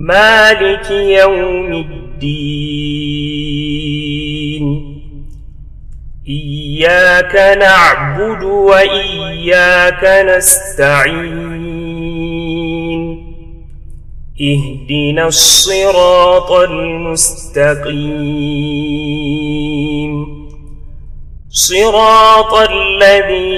مالك يوم الدين إياك نعبد وإياك نستعين اهدنا الصراط المستقيم صراط الذين